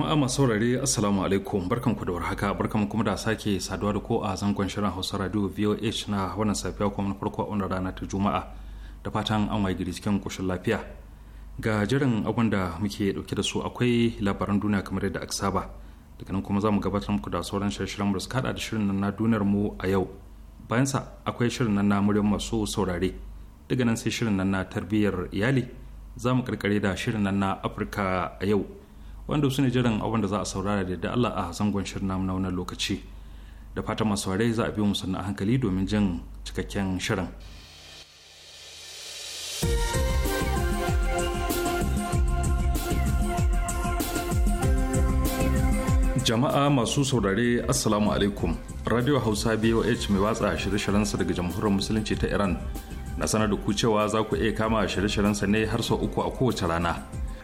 jama'a masu saurare assalamu alaikum barkan ku da warhaka barkan kuma da sake saduwa da ko a zangon shirin hausa radio voh na wannan safiya kuma na farko a wannan rana ta juma'a da fatan an waye gari cikin koshin lafiya ga jiran abin da muke dauke da su akwai labaran duniya kamar yadda aka saba daga nan kuma za mu gabatar muku da sauran shirye-shiryen mu da suka da shirin nan na duniyar mu a yau bayan sa akwai shirin nan na muryar masu saurare daga nan sai shirin nan na tarbiyyar iyali za mu karkare da shirin nan na afirka a yau wanda su ne jiran abin da za a saurara da yadda Allah a zangon shirin namu na wannan lokaci da fata masu za a biyo mu sannan a hankali domin jin cikakken shirin. jama'a masu saurare assalamu alaikum radio hausa boh mai watsa shirye-shiryensa daga jamhuriyar musulunci ta iran na sanar da ku cewa za ku iya kama shirye sa ne har sau uku a kowace rana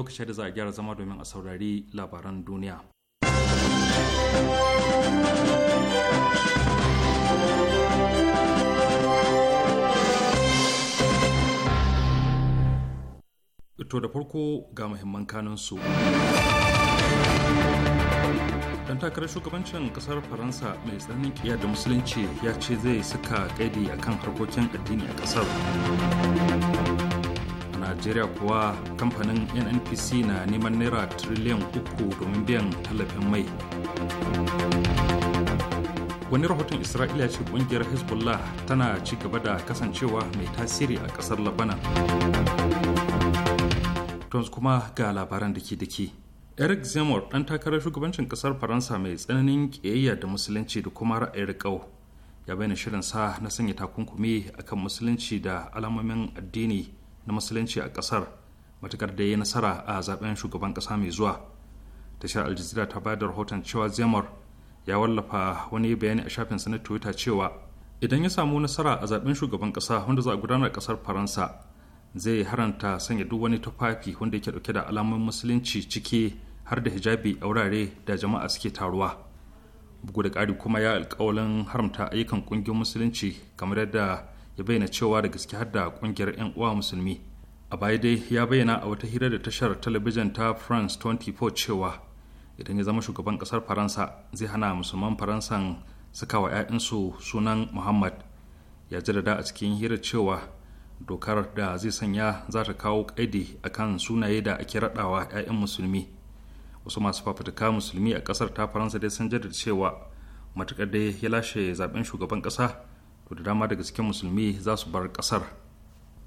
lokaci da za a gyara zama domin a saurari labaran duniya. To da farko ga muhimman kanunsu. dan takarar shugabancin kasar faransa mai tsananin kiya da musulunci ya ce zai saka kaidi akan harkokin addini a kasar najeriya kuwa kamfanin nnpc na neman naira triliyan uku domin biyan tallafin mai wani rahoton isra'ila ce kungiyar hezbollah tana ci gaba da kasancewa mai tasiri a kasar labanan tons kuma ga labaran da ke da ke eric zemmour dan takarar shugabancin kasar faransa mai tsananin kiyayya da musulunci da kuma ra'ayin ƙau ya bayyana shirin sa na sanya takunkumi akan musulunci da alamomin addini na musulunci a kasar matukar da ya yi nasara a zaben shugaban kasa mai zuwa tashar aljazira ta bada da rahoton cewa zemor ya wallafa wani bayani a shafinsa na twitter cewa idan ya samu nasara a zaben shugaban kasa wanda za a gudanar kasar faransa zai haranta sanya duk wani tufafi wanda yake dauke da alamun musulunci ciki har da hijabi a wurare da jama'a suke taruwa bugu da ƙari kuma ya alƙawalin haramta ayyukan ƙungiyar musulunci kamar yadda ya bayyana cewa da gaske har da kungiyar 'yan uwa musulmi a baya dai ya bayyana a wata hira da tashar talabijin ta france 24 cewa idan ya zama shugaban kasar faransa zai hana musulman faransan wa 'ya'yansu sunan muhammad ya ji da a cikin hira cewa dokar da zai sanya za ta kawo kaidi akan sunaye da ake raɗawa 'ya'yan musulmi wasu masu fafutuka musulmi a kasar ta faransa dai sun jaddada cewa matuƙar dai ya lashe zaben shugaban ƙasa to da dama daga cikin musulmi za su bar kasar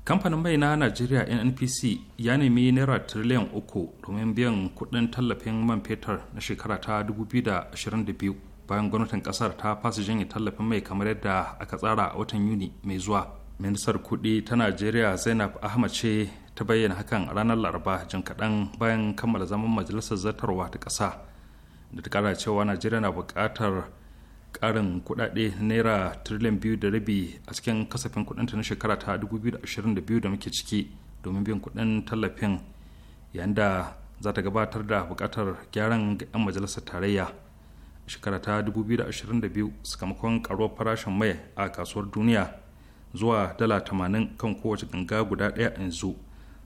kamfanin mai na najeriya nnpc ya nemi naira tiriliyan uku domin biyan kudin tallafin man fetur na shekara ta 2022 bayan gwamnatin kasar ta fasa janye tallafin mai kamar yadda aka tsara a watan yuni mai zuwa ministar kudi ta najeriya zainab ahmad ce ta bayyana hakan ranar laraba jin kaɗan bayan kammala zaman majalisar zartarwa ta ƙasa da ta kara cewa najeriya na bukatar. karin kudade naira trillion biyu da rabi a cikin kasafin kudinta na shekara ta 2022 da muke ciki domin biyan kudin tallafin yayin da za ta gabatar da bukatar gyaran ga 'yan majalisar tarayya shekara ta 2022 sakamakon karuwar farashin mai a kasuwar duniya zuwa dala 80 kan kowace ganga guda daya yanzu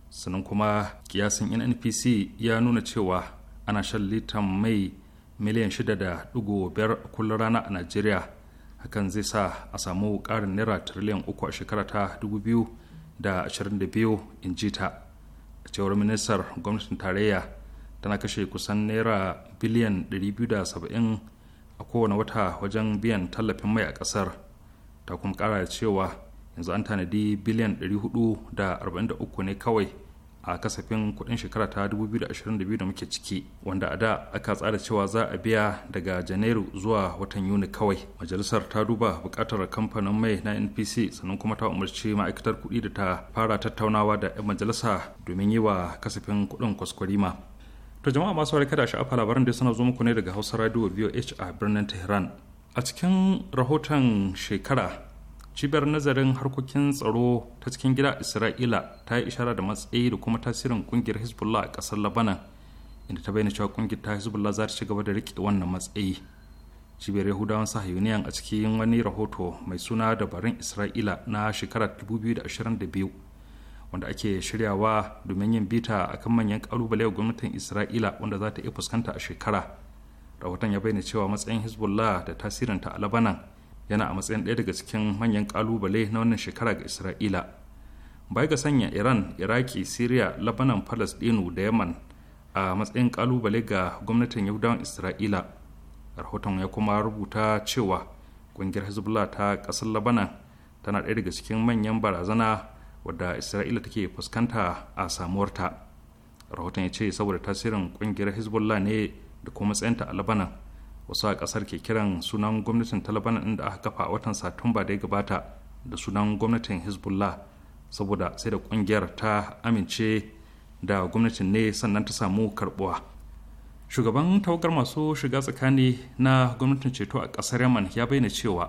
sannan kuma kiyasin nnpc ya nuna cewa ana shan litan mai miliyan 6.5 kullum rana a najeriya hakan zai sa a samu ƙarin naira triliyan uku a shekara ta 2022 in ji ta a cewar ministar gwamnatin tarayya tana kashe kusan naira biliyan 270 a kowane wata wajen biyan tallafin mai a ƙasar ta kuma ƙara cewa yanzu an tanadi biliyan 443 ne kawai a kasafin kudin shekara ta 2022 da muke ciki wanda a da aka tsara cewa za a biya daga janairu zuwa watan yuni kawai majalisar ta duba bukatar kamfanin mai na npc sannan kuma ta umarci ma'aikatar kuɗi da ta fara tattaunawa da 'yan majalisa domin yi wa kasafin kudin kwaskwarima to jama'a masu warka da sha'afa labaran da suna zo muku ne daga hausa radio voh a birnin tehran a cikin rahoton shekara cibiyar nazarin harkokin tsaro ta cikin gida isra'ila ta yi ishara da matsayi da kuma tasirin kungiyar hezbollah a kasar labanan inda ta bayyana cewa kungiyar ta hezbollah za ta ci gaba da rike wannan matsayi cibiyar yahudawan sahiyuniyan a cikin wani rahoto mai suna dabarun isra'ila na shekarar 2022 wanda ake shiryawa domin yin bita akan manyan kalubale ga gwamnatin isra'ila wanda za ta iya fuskanta a shekara rahoton ya bayyana cewa matsayin hezbollah da tasirinta a labanan yana a matsayin ɗaya daga cikin manyan ƙalubale na wannan shekara ga isra'ila bai ga sanya iran iraki syria labanan palestinu da yaman a matsayin ƙalubale ga gwamnatin yahudawan isra'ila rahoton ya kuma rubuta cewa ƙungiyar hezbollah ta ƙasar labanan tana ɗaya daga cikin manyan barazana wadda isra'ila take fuskanta a samuwarta rahoton ya ce saboda tasirin ƙungiyar hezbollah ne da kuma matsayinta a labanan wasu a kasar ke kiran sunan gwamnatin taliban inda aka kafa a watan satumba da ya gabata da sunan gwamnatin hezbollah saboda sai da kungiyar ta amince da gwamnatin ne sannan ta samu karbuwa shugaban tawagar masu shiga tsakani na gwamnatin ceto a kasar yaman ya bayyana cewa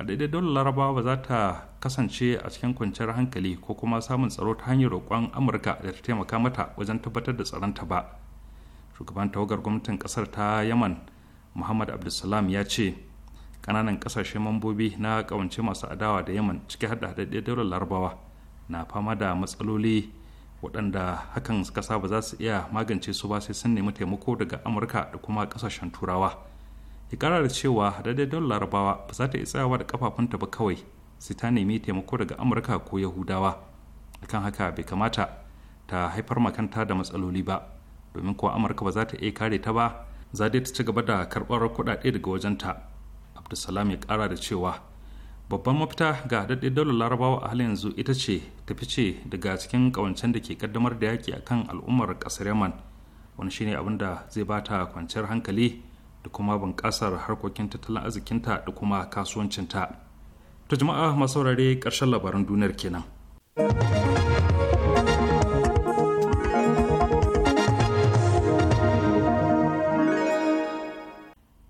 a daidai dole laraba ba za ta kasance a cikin kwanciyar hankali ko kuma samun tsaro ta hanyar roƙon amurka da ta taimaka mata wajen tabbatar da tsaronta ba shugaban tawagar gwamnatin kasar ta yaman muhammad abdulsalam ya ce ƙananan kasashe mambobi na kawance masu adawa da yaman ciki hada ɗaya daular larabawa na fama da matsaloli waɗanda hakan kasa ba za su iya magance su ba sai sun nemi taimako daga amurka da kuma kasashen turawa ya ƙara da cewa ɗaya daular larabawa ba za ta iya tsayawa da kafafunta ba kawai sai ta nemi taimako daga amurka ko yahudawa akan haka bai kamata ta haifar makanta da matsaloli ba domin kuwa amurka ba za ta iya kare ta ba zadai ta ci gaba da karɓar kuɗaɗe daga wajenta abdulsalam ya ƙara da cewa babban mafita ga daɗe daular larabawa a halin yanzu ita ce ta fice daga cikin ƙawancen da ke ƙaddamar da yaƙi akan al'ummar ƙasar yaman wani shine abin da zai ba ta kwanciyar hankali da kuma bunƙasar harkokin tattalin arzikinta da kuma kasuwancinta ta jama'a masu saurare ƙarshen labaran duniyar kenan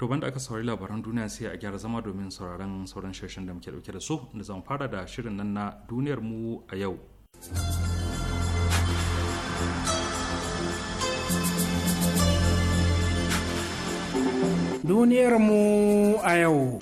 to banda aka saurari labaran duniya sai a gyara zama domin sauraron sauran shirin da muke dauke da su da zan fara da shirin nan na duniyar mu a yau duniyar mu a yau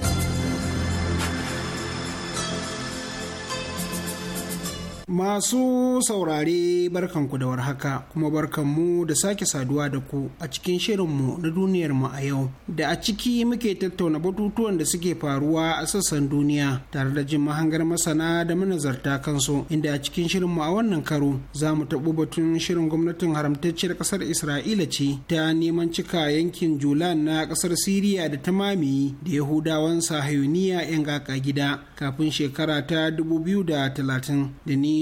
Masu saurare barkanku da warhaka kuma barkanmu da sake saduwa da ku a cikin shirinmu na duniyarmu a yau da a ciki muke tattauna batutuwan da suke faruwa a sassan duniya tare da jin mahangar masana da manazarta kansu inda a cikin shirinmu a wannan karo za mu taɓo batun shirin gwamnatin haramtacciyar ƙasar Isra'ila ce ta neman cika yankin Julan na ƙasar Siriya da ta mamaye da Yahudawan Sahayuniya 'yan gaka gida kafin shekara ta dubu biyu da talatin da ni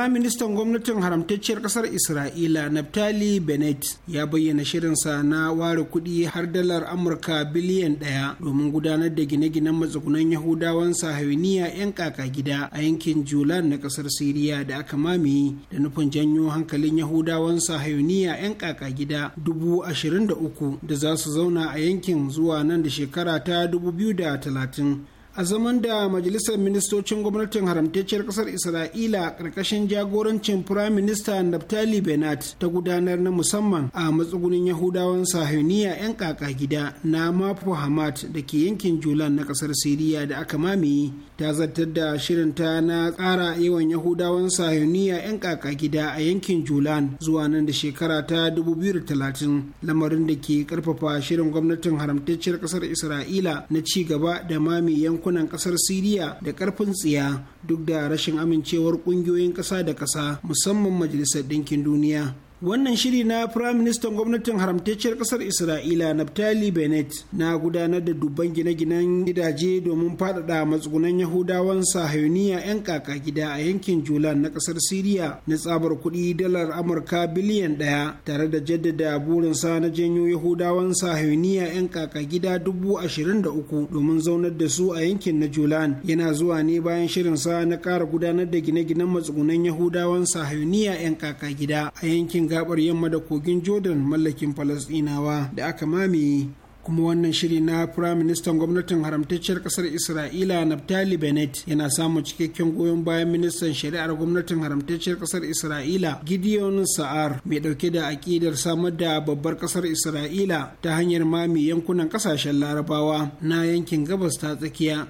Firaministan gwamnatin haramtacciyar ƙasar Isra'ila Naftali Bennett ya bayyana shirinsa na ware kuɗi har dalar Amurka biliyan ɗaya domin gudanar da gine-ginen matsugunan Yahudawan sahauniya 'yan kaka gida a yankin Julan na ƙasar Siriya da aka mamaye da nufin janyo hankalin Yahudawan sahayuniya 'yan kaka gida dubu ashirin da da za su zauna a yankin zuwa nan da shekara ta dubu da talatin. a zaman da majalisar ministocin gwamnatin haramtacciyar kasar isra'ila ƙarƙashin jagorancin prime minister naftali benat ta gudanar na musamman a matsugunin yahudawan sahiniya 'yan kaka gida na mafu hamad da ke yankin julan na kasar siriya da aka mamaye ta zartar da shirinta na ƙara yawan yahudawan sahiyoniya 'yan kaka gida a yankin julan zuwa nan da shekara ta 2030 lamarin da ke karfafa shirin gwamnatin haramtacciyar ƙasar isra'ila na ci gaba da mami yankunan ƙasar siriya da karfin tsiya duk da rashin amincewar ƙungiyoyin ƙasa da ƙasa musamman majalisar ɗinkin duniya wannan shiri na firayim ministan gwamnatin haramtacciyar kasar isra'ila naftali bennett na gudanar da dubban gine-ginen gidaje domin faɗaɗa matsugunan yahudawan sahauniya 'yan kaka gida a yankin julan na kasar siriya na tsabar kuɗi dalar amurka biliyan ɗaya tare da jaddada burinsa na janyo yahudawan sahayuniya 'yan kaka gida dubu ashirin da uku domin zaunar da su a yankin na julan yana zuwa ne bayan shirin shirinsa na kara gudanar da gine-ginen matsugunan yahudawan sahauniya 'yan kaka gida a yankin gabar yamma da kogin jordan mallakin falasdinawa da aka mamaye kuma wannan shiri na firaministan gwamnatin haramtacciyar kasar isra'ila naftali bennett yana samun cikakken goyon bayan ministan shari'ar gwamnatin haramtacciyar kasar isra'ila gideon sa'ar mai dauke da aƙidar samar da babbar kasar isra'ila ta hanyar mami yankunan kasashen larabawa na yankin gabas ta tsakiya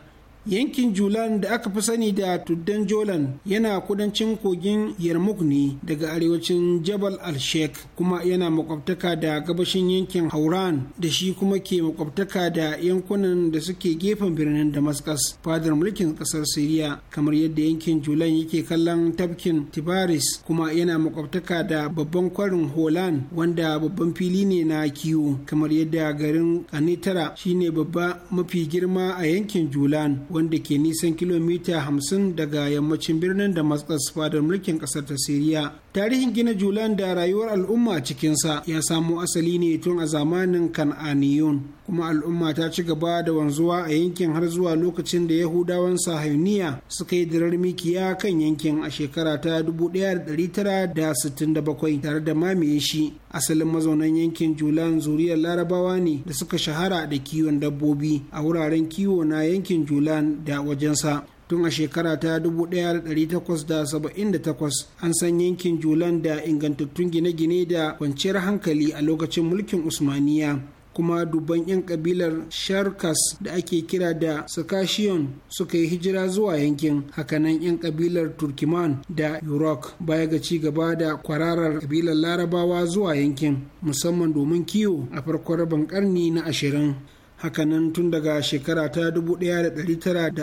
yankin julan da aka fi sani da tuddan jolan yana kudancin kogin yarmukni ne daga arewacin jabal al-sheikh kuma yana makwabtaka da gabashin yankin hauran da shi kuma ke makwabtaka da yankunan da suke gefen birnin damascus fadar mulkin kasar syria kamar yadda yankin julan yake kallon tafkin tibaris kuma yana makwabtaka da babban kwarin holan wanda babban fili ne na kiwo kamar yadda garin anitara shine babba mafi girma a yankin julan wanda ke nisan kilomita hamsin daga yammacin birnin da damascus fadar mulkin kasar ta siriya tarihin gina julan da rayuwar al'umma cikinsa ya samo asali ne tun a zamanin kan'aniyun kuma al'umma ta ci gaba da wanzuwa a yankin har zuwa lokacin da yahudawan sahayuniya suka yi dirar mikiya kan yankin a shekara ta 1967 tare da mamaye shi asalin mazaunan yankin julan zuriyar larabawa ne da suka shahara da kiwon dabbobi a wuraren kiwo na yankin julan da wajensa tun a shekara ta 1878 an san yankin julan da ingantattun gine-gine da kwanciyar hankali a lokacin mulkin usmaniya kuma dubban 'yan kabilar sharkas da ake kira da sakashiyon suka yi hijira zuwa yankin hakanan 'yan kabilar turkiman da yurok baya ga ci gaba da kwararar kabilar larabawa zuwa yankin musamman domin kiwo a farkon rabin karni na ashirin hakanan tun daga shekara ta 1948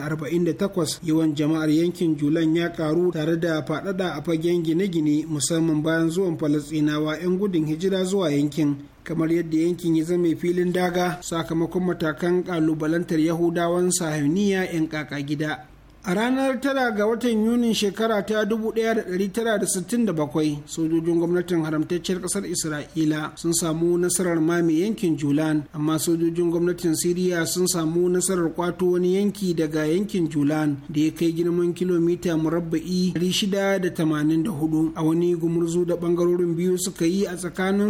yawan jama'ar yankin julan ya karu tare da faɗaɗa a fagen gine-gine musamman bayan zuwan falasɗinawa 'yan gudun hijira zuwa yankin kamar yadda yankin ya zama filin daga sakamakon matakan kalubalantar yahudawan sahiniya 'yan kaka gida A ranar tara ga watan Yunin shekara ta 1967, sojojin gwamnatin haramtacciyar ƙasar Isra'ila sun samu nasarar mami yankin Julan, amma sojojin gwamnatin Siriya sun samu nasarar kwato wani yanki daga yankin Julan da ya kai girman kilomita murabba'i 684 a wani gumurzu da ɓangarorin biyu suka yi a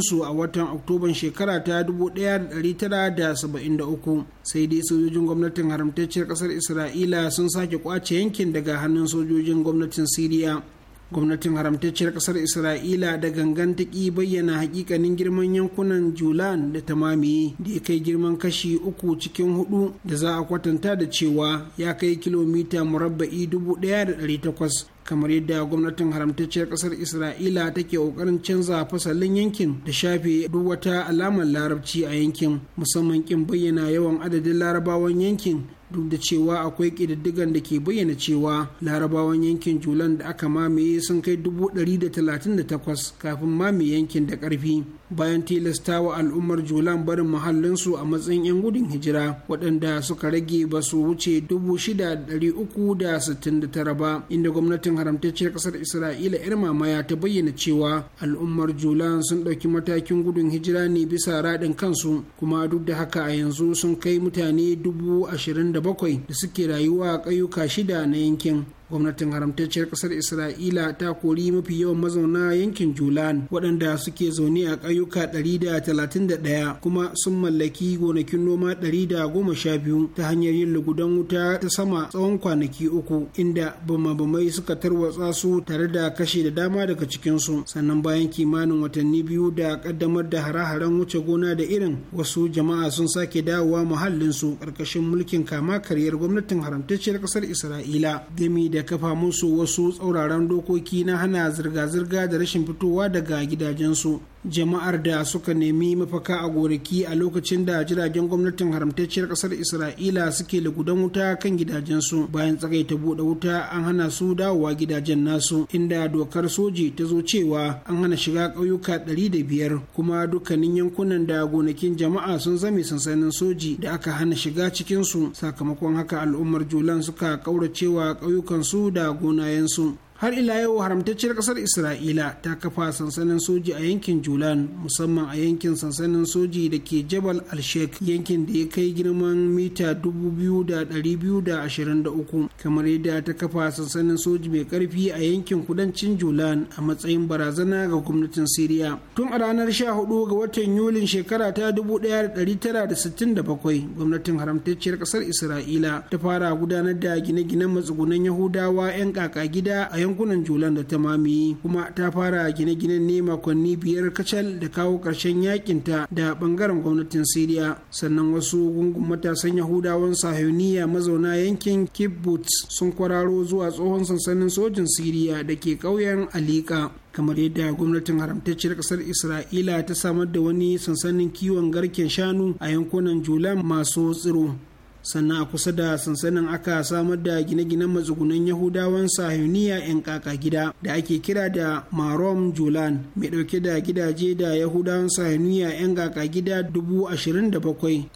su a watan Oktoban shekara ta 1973. Sai dai sojojin gwamnatin haramtacciyar ƙasar Isra'ila sun sake kwace kwace yankin daga hannun sojojin gwamnatin siriya gwamnatin haramtacciyar kasar isra'ila da gangan ta ƙi bayyana hakikanin girman yankunan julan da tamami da ya kai girman kashi uku cikin hudu da za a kwatanta da cewa ya kai kilomita murabba'i dubu ɗaya da ɗari takwas kamar yadda gwamnatin haramtacciyar kasar isra'ila take kokarin canza fasalin yankin da shafe duk wata alamar larabci a yankin musamman kin bayyana yawan adadin larabawan yankin duk da cewa akwai ƙididdigan da ke bayyana cewa larabawan yankin julan da aka mamaye sun kai 138 kafin mamaye yankin da ƙarfi bayan tilastawa al'ummar julan barin muhallinsu a matsayin 'yan gudun hijira waɗanda suka rage ba su wuce 6,369 ba inda gwamnatin haramtacciyar ƙasar isra'ila 'yar mamaya ta bayyana cewa al'ummar julan sun ɗauki matakin gudun hijira ne bisa raɗin kansu kuma duk da haka a yanzu sun kai mutane 27, da suke rayuwa a ƙauyuka shida na yankin gwamnatin haramtacciyar kasar isra'ila ta kori mafi yawan mazauna yankin julan waɗanda suke zaune a ƙauyuka 131 kuma sun mallaki gonakin noma 112 ta hanyar yin lugudan wuta ta sama tsawon kwanaki uku inda bamabamai suka tarwatsa su tare da kashe da dama daga cikinsu sannan bayan kimanin watanni biyu da ƙaddamar da hare-haren wuce gona da irin wasu jama'a sun sake dawowa muhallinsu ƙarƙashin mulkin kama karyar gwamnatin haramtacciyar ƙasar isra'ila da kafa musu wasu tsauraran dokoki na hana zirga-zirga da rashin fitowa daga gidajensu jama'ar da suka nemi mafaka a gonaki a lokacin da jiragen gwamnatin haramtacciyar kasar isra'ila suke lagudan wuta kan gidajensu bayan tsagaita buɗe wuta an hana su dawowa gidajen nasu inda dokar soji ta zo cewa an hana shiga ƙauyuka ɗari da biyar kuma dukkanin yankunan da gonakin jama'a sun zame sansanin soji da aka hana shiga cikinsu sakamakon haka al'ummar julan suka ƙauracewa ƙauyukansu da gonayensu har ila yau haramtacciyar kasar isra'ila ta kafa sansanin soji a yankin julan musamman a yankin sansanin soji da ke jabal al-sheikh yankin da ya kai girman mita 2,223 kamar yadda ta kafa sansanin soji mai karfi a yankin kudancin julan a matsayin barazana ga gwamnatin siriya tun a ranar 14 ga watan yulin shekara ta 1967 gwamnatin haramtacciyar kasar isra'ila ta fara gudanar da gine-ginen matsugunan yahudawa 'yan kaka gida a yankunan julan da ta mamaye kuma ta fara gine-ginen ne makonni biyar kacal da kawo ƙarshen yakin da bangaren gwamnatin siriya sannan wasu gungun matasan yahudawan sahiyoniya mazauna yankin kibbutz sun kwararo zuwa tsohon sansanin sojin siriya da ke ƙauyen alika kamar yadda gwamnatin haramtacciyar kasar isra'ila ta samar da wani sansanin kiwon garken shanu a yankunan julan masu tsiro sannan a kusa da sansanin aka samar da gine-ginen matsugunan yahudawan sahuniya 'yan kaka gida da ake kira da marom julan mai dauke da gidaje da yahudawan sahuniya 'yan kaka gida 27 da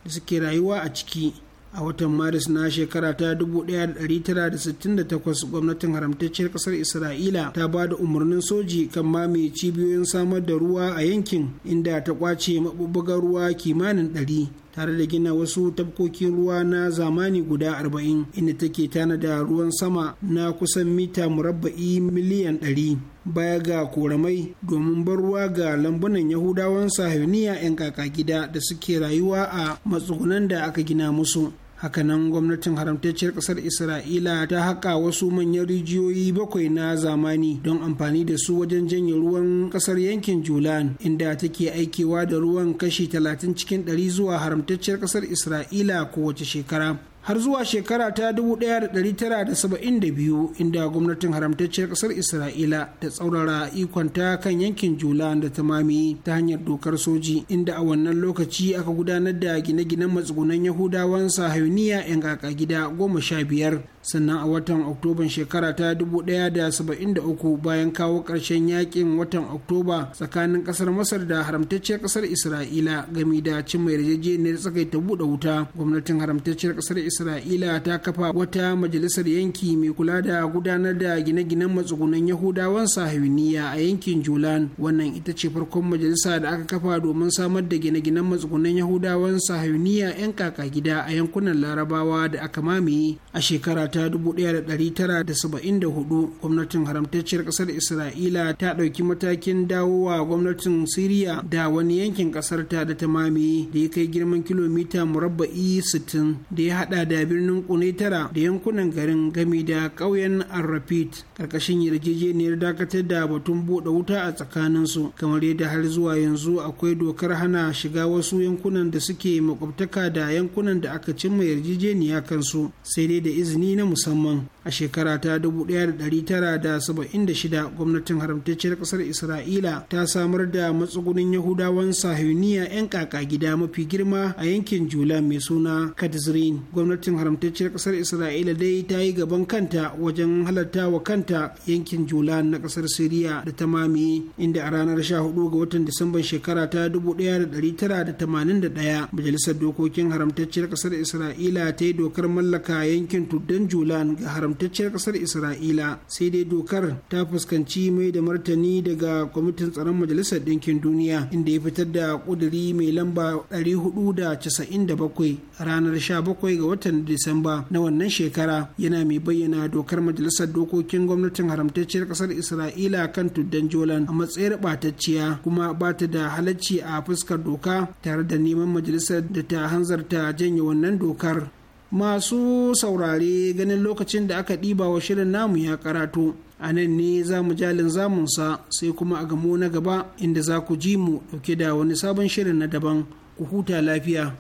suke rayuwa a ciki a watan maris na shekara ta 1968 gwamnatin haramtacciyar kasar isra'ila ta ba da umarnin soji kan mamaye cibiyoyin samar da ruwa a yankin inda ta kwace mabubbugar ruwa kimanin 100 tare da gina wasu tabkokin ruwa na zamani guda 40 inda take tanada ruwan sama na kusan mita murabba'i miliyan 100 baya ga koramai domin bar ruwa ga lambunan yahudawan sahiniya 'yan kaka gida da suke rayuwa a matsugunan da aka gina musu hakanan gwamnatin haramtacciyar kasar isra'ila ta haƙa wasu manyan rijiyoyi bakwai na zamani don amfani da su wajen janye ruwan kasar yankin julan inda take aikewa da ruwan kashi 30 cikin 100 zuwa haramtacciyar kasar isra'ila kowace shekara har zuwa shekara ta 1972 inda gwamnatin haramtacciyar kasar isra'ila ta tsaurara ikonta kan yankin jula da ta mami ta hanyar dokar soji inda a wannan lokaci aka gudanar da gine-ginen matsugunan yahudawan sahayuniya 'yan kaka gida goma sha biyar sannan a watan oktoban shekara ta 1973 bayan kawo ƙarshen yakin watan oktoba tsakanin kasar masar da haramtacciyar kasar isra'ila gami da cin mai yarjejeniyar tsakaita buɗe wuta gwamnatin haramtacciyar ƙasar isra'ila ta kafa wata majalisar yanki mai kula da gudanar da gine-ginen matsugunan yahudawan sahiwiniya a yankin julan wannan ita ce farkon majalisa da aka kafa domin samar da gine-ginen matsugunan yahudawan sahiwiniya 'yan kaka gida a yankunan larabawa da aka mamaye a shekara ta 1974 gwamnatin haramtacciyar ƙasar isra'ila ta ɗauki matakin dawowa gwamnatin siriya da wani yankin ƙasarta da ta mamaye da ya kai girman kilomita murabba'i 60 da ya haɗa da birnin kune tara da yankunan garin gami da ƙauyen arrafit ƙarƙashin yarjejeniyar dakatar da batun buɗe wuta a tsakaninsu kamar yadda har zuwa yanzu akwai dokar hana shiga wasu yankunan da suke makwabtaka da yankunan da aka cimma yarjejeniya kansu sai dai da izini na musamman a shekara ta 1976 gwamnatin haramtacciyar ƙasar isra'ila ta samar da matsugunin yahudawan sahuniya 'yan kaka gida mafi girma a yankin jula mai suna katzrin. gwamnatin haramtacciyar kasar isra'ila dai ta yi gaban kanta wajen halatta wa kanta yankin julan na kasar siriya da ta mamaye inda a ranar 14 ga watan disamban shekara ta 1981 majalisar dokokin haramtacciyar kasar isra'ila ta yi dokar mallaka yankin tuddan julan ga haramtacciyar kasar isra'ila sai dai dokar ta fuskanci mai da martani daga kwamitin tsaron majalisar ɗinkin duniya inda ya fitar da ƙuduri mai lamba 497 ranar 17 ga watan watan Disamba na wannan shekara yana mai bayyana dokar majalisar dokokin gwamnatin haramtacciyar kasar Isra'ila kan tuddan Jolan a matsayin batacciya kuma ba ta da halacci a fuskar doka tare da neman majalisar da ta hanzarta janye wannan dokar. Masu saurare ganin lokacin da aka ɗiba wa shirin namu ya karatu. a nan ne za mu jalin zamunsa sai kuma a gamo na gaba inda za ku ji mu dauke da wani sabon shirin na daban ku huta lafiya.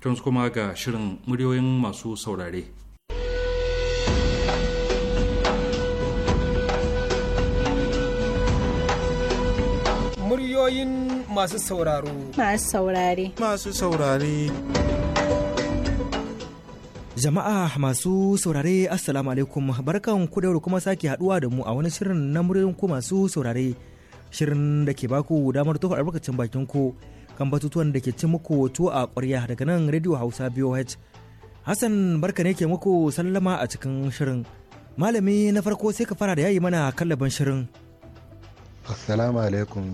tun kuma ga shirin muryoyin masu saurare muryoyin masu sauraro masu saurare masu saurare Jama'a masu saurare Assalamu alaikum barkan ku da kuma sake haduwa da mu a wani shirin na muryoyin ku masu saurare shirin da ke baku damar tofa albarkacin bakin ku kan batutuwan da ke ci muku tuwo a ƙwarya daga nan Radio Hausa BOH. Hassan barka ne ke muku sallama a cikin shirin. Malami na farko sai ka fara da yayi mana kallabin shirin. Assalamu alaikum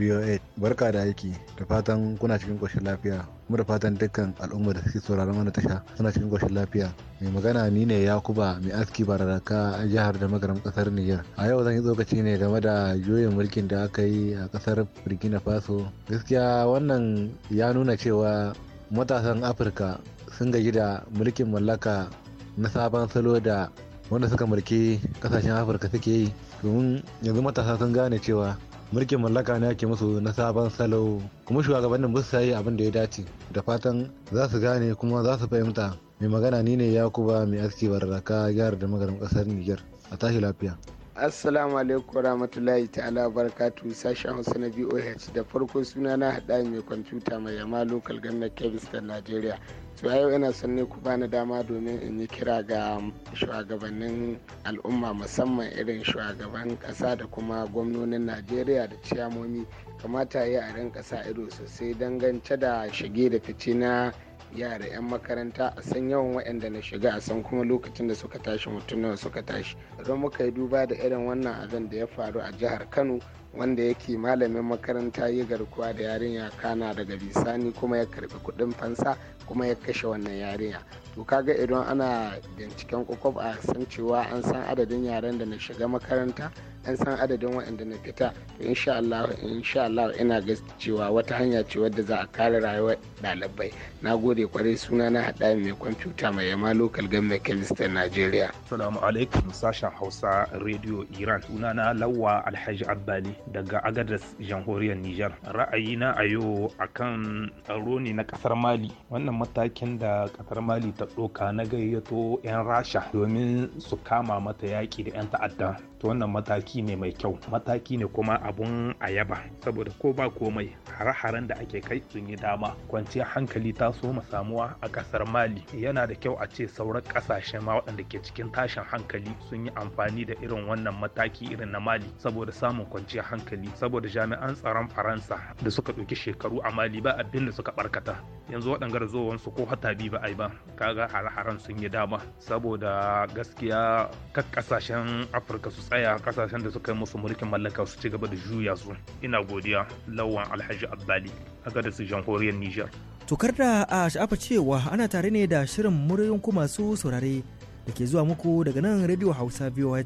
VOA barka da aiki da fatan kuna cikin ƙoshin lafiya kuma da fatan dukkan al'umma da suke sauraron wannan tasha suna cikin ƙoshin lafiya mai magana ni ne Yakuba mai aski bararaka jihar da magaram kasar Niger a yau zan yi tsokaci ne game da juyin mulkin da aka yi a kasar Burkina Faso gaskiya wannan ya nuna cewa matasan Afirka sun gaji da mulkin mallaka na sabon salo da wanda suka mulki kasashen Afirka suke yi domin yanzu matasa sun gane cewa mulkin mallaka ne ake musu na sabon salo kuma shugabannin ba su sayi abin da ya dace da fatan za su gane kuma za su fahimta mai magana ni ne yakuba mai aski barraka gyara da magarin kasar niger a tashi lafiya assalamu alaikum rahmatullahi ta'ala barakatu sashen hausa na boh da farko suna na hada mai kwamfuta mai yama lokal gannar kebis da najeriya to yau yana son ku bani dama domin in yi kira ga shugabannin al'umma musamman irin shugaban kasa da kuma gwamnonin najeriya da ciyamomi kamata yi a ran kasa ido sosai dangance da shige da fice na yara 'yan makaranta a san yawan waɗanda na shiga a san kuma lokacin da suka tashi mutum suka tashi don muka yi duba da irin wannan abin da ya faru a jihar kano wanda yake malamin makaranta ya garkuwa da yarinya kana daga bisani kuma ya karbi kudin fansa kuma ya kashe wannan yarinya to kaga idan ana binciken kwakwab a san cewa an san adadin yaren da na shiga makaranta an san adadin waɗanda na fita to insha Allah insha Allah ina ga cewa wata hanya ce wadda za a kare rayuwar ɗalibai na gode kwarai suna na haɗa mai kwamfuta mai yama local government minister Nigeria assalamu alaikum sashen Hausa radio Iran suna na Lawwa Alhaji Abbali daga Agadez jamhuriyar Niger ra'ayina a yau akan tsaro ne na kasar Mali wannan matakin da kasar Mali ta ɗauka na gayyato 'yan Rasha domin su kama mata yaƙi da 'yan ta'adda to wannan mataki ne mai kyau mataki ne kuma abun a yaba saboda ko ba komai hare-haren da ake kai sun yi dama kwanciyar hankali ta so mu samuwa a kasar mali yana da kyau a ce sauran kasashe ma waɗanda ke cikin tashin hankali sun yi amfani da irin wannan mataki irin na mali saboda samun kwanciyar hankali saboda jami'an tsaron faransa da suka ɗauki shekaru a mali ba abin da suka barkata yanzu waɗanda zowansu ko hata bi ba ai ba kaga hare-haren sun yi dama saboda gaskiya kan kasashen afirka su tsaya kasashen da suka yi musu mulkin mallaka su ci gaba da juya su ina godiya lawan alhaji abbali a gada su jamhuriyar niger tokar da a sha'afa cewa ana tare ne da shirin muryoyin ku masu saurare da ke zuwa muku daga nan radio hausa voh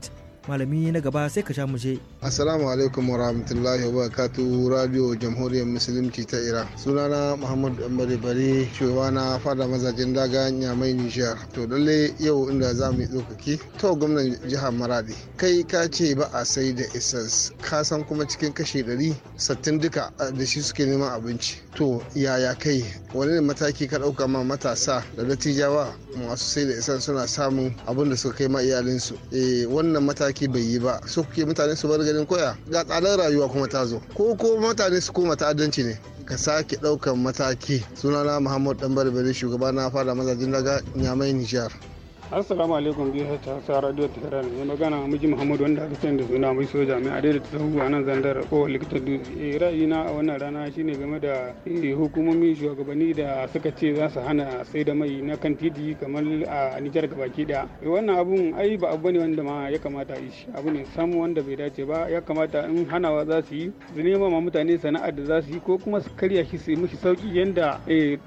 malami na gaba sai ka sha mu je. Assalamu alaikum wa rahmatullahi wa barakatu radio jamhuriyar musulunci ta Iran. Sunana Muhammadu Dan bari cewa na fada mazajen daga Nyamai Nijar. To lalle yau inda za mu yi tsokaki to gwamnan jihar Maradi. Kai ka ce ba a sai da essence ka san kuma cikin kashe ɗari sattin duka da shi suke neman abinci. To yaya kai wani ne mataki ka ɗauka ma matasa da dattijawa masu sai da essence suna samun abin da suka kai ma iyalinsu. Eh wannan mataki ake bai yi ba su kuke mutane su bar ganin koya ga tsadar rayuwa kuma ta zo ko ko mutane su koma ta'addanci ne ka sake ɗaukan mataki sunana muhammad dan barbari shugaba na fara mazajin daga nyamai nijar assalamu alaikum biyu ta sa radio tehran mai magana miji muhammad wanda aka sani da suna mai soja mai adai da ta ta a nan zandar ko likita dutse eh, na a wannan rana shine game da eh, hukumomi shugabanni da suka ce za su hana sai da mai na kan titi kamar a nijar baki daya eh, wannan abun ai ba abu ne wanda ma ya kamata yi shi abu ne sam wanda bai dace ba ya kamata in hanawa za su yi su nema ma mutane sana'ar da za su yi ko kuma su karya shi su mishi sauki yanda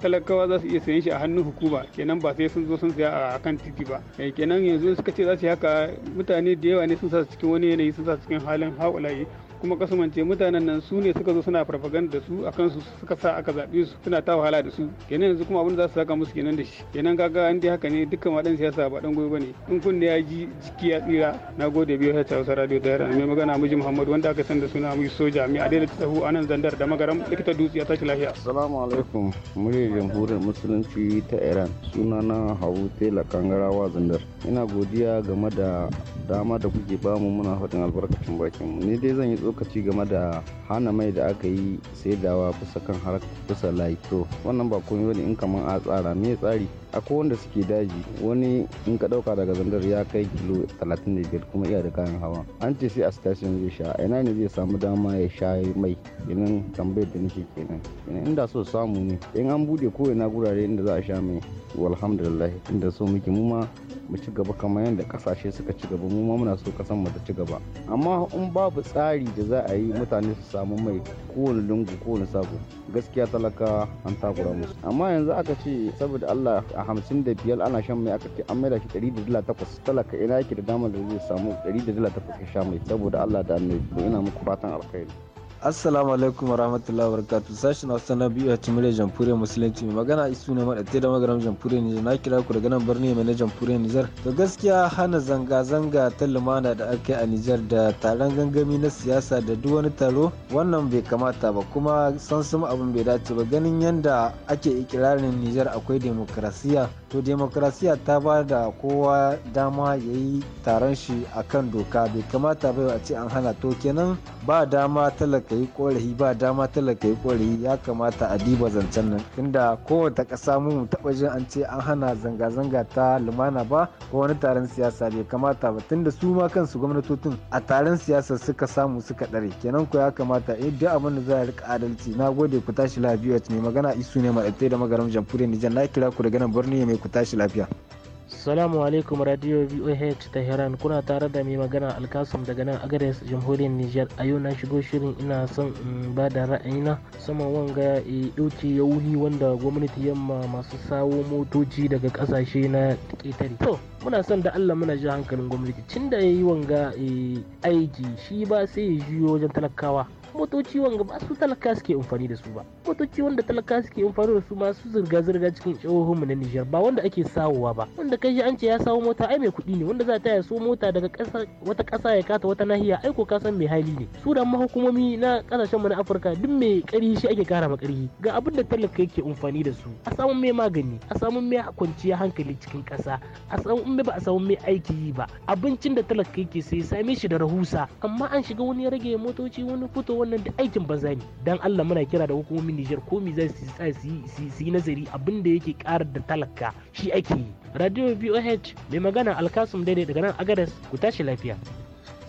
talakawa za su iya sayan shi a hannun hukuma kenan ba sai sun zo sun saya a kan titi ba eh, kenan yanzu suka ce za su haka mutane da yawa ne sun sa cikin wani yanayi sun sa cikin halin haƙulayi kuma kasumance mutanen nan su ne suka zo suna farfaganda da su a kansu suka sa aka zaɓe su suna ta wahala da su kenan yanzu kuma abin da za su saka musu kenan da shi kenan kaga an dai haka ne dukkan ma siyasa ba dan goyo bane in kunne ya ji jiki ya tsira na gode biyu ta tsawo radio da yaran mai magana miji muhammad wanda aka san da suna mai soja mai adalci da a anan zandar da magaram likita dutse ya tashi lafiya assalamu alaikum muryar jamhuriyar musulunci ta iran suna na hawu tela kangarawa zandar ina godiya game da dama da kuke bamu muna faɗin albarkacin bakin mu ni dai zan yi lokaci game da hana mai da aka yi saidawa kusa kan har kusa laito wannan ba komai wani in kaman a tsara me tsari akwai wanda suke daji wani in ka dauka daga zandar ya kai kilo 35 kuma iya da kayan hawa an ce sai a station zai sha a ina ne zai samu dama ya sha mai idan tambayar da nake kenan inda so samu ne in an bude ko ina gurare inda za a sha mai alhamdulillah inda so muke mu ma mu ci gaba kamar yadda kasashe suka ci gaba mu ma muna so kasan mu ta ci gaba amma in babu tsari da za a yi mutane su samu mai kowane lungu kowane sako gaskiya talaka an takura musu amma yanzu aka ce saboda Allah a hamsin da biyar ana shan mai aka ce an maida shi ɗari da dala takwas talaka ina yake da damar da zai samu ɗari da dala takwas ya sha mai saboda Allah da annabi ina muku fatan alkhairi. assalamu alaikum warahmatullahi wabarakatuh sashen hausa na biyu a cimiliyar jamhuriyar musulunci mai magana isu ne maɗaɗe da magaram jamhuriyar nijar na kira ku daga nan birni mai na jamhuriyar nijar to gaskiya hana zanga-zanga ta lumana da aka a nijar da taron gangami na siyasa da duk wani taro wannan bai kamata ba kuma san sun abin bai dace ba ganin yadda ake ikirarin nijar akwai demokrasiya to demokrasiya ta ba da kowa dama ya yi taron shi a kan doka bai kamata bai a ce an hana to kenan ba dama talaka yi korahi ba dama talaka yi korahi ya kamata a diba zancen nan tunda kowace ƙasa mu taɓa jin an ce an hana zanga-zanga ta lumana ba ko wani taron siyasa bai kamata ba tunda su ma kansu gwamnatocin a taron siyasa suka samu suka ɗare kenan ko ya kamata in eh, duk abin da za a rika adalci na gode ku tashi lafiya ne magana isu ne ma da magaram jamhuriyar nijar na kira ku daga nan birni mai ku tashi lafiya Salamu alaikum Radio VOH Tehran kuna tare da mai magana Alkasum daga nan agares Jamhuriyar Nijar a yau na shigo shirin ina son in ba da ra'ayina saman wanga e eh, dauke ya wuhi wanda gwamnati yamma masu sawo motoci daga kasashe na ƙetare. To muna son da Allah muna ji hankalin gwamnati tun da yayi wanga eh, aiki shi ba sai ya juyo wajen talakawa motoci wanga ba su talaka suke amfani da su ba motoci wanda talaka suke amfani da su ma su zirga-zirga cikin jihohinmu na Nijar ba wanda ake sawowa ba wanda kai an ce ya sawo mota ai mai kuɗi ne wanda za ta ya so mota daga ƙasa wata ƙasa ya kata wata nahiya ai ko kasan mai hali ne su da mahukumomi na ƙasashen mu na Afirka duk mai ƙari shi ake kara makari ga abin da talaka yake amfani da su a samu mai magani a samu mai kwanciya hankali cikin ƙasa a samu in ba a samu mai aiki yi ba abincin da talaka yake sai same shi da rahusa amma an shiga wani rage motoci wani fito wannan da aikin banza ne dan Allah muna kira da hukumomin Nijar ko mi zai su yi nazari abin da yake kara da talaka shi ake yi radio VOH mai magana alkasum daidai daga nan agares ku tashi lafiya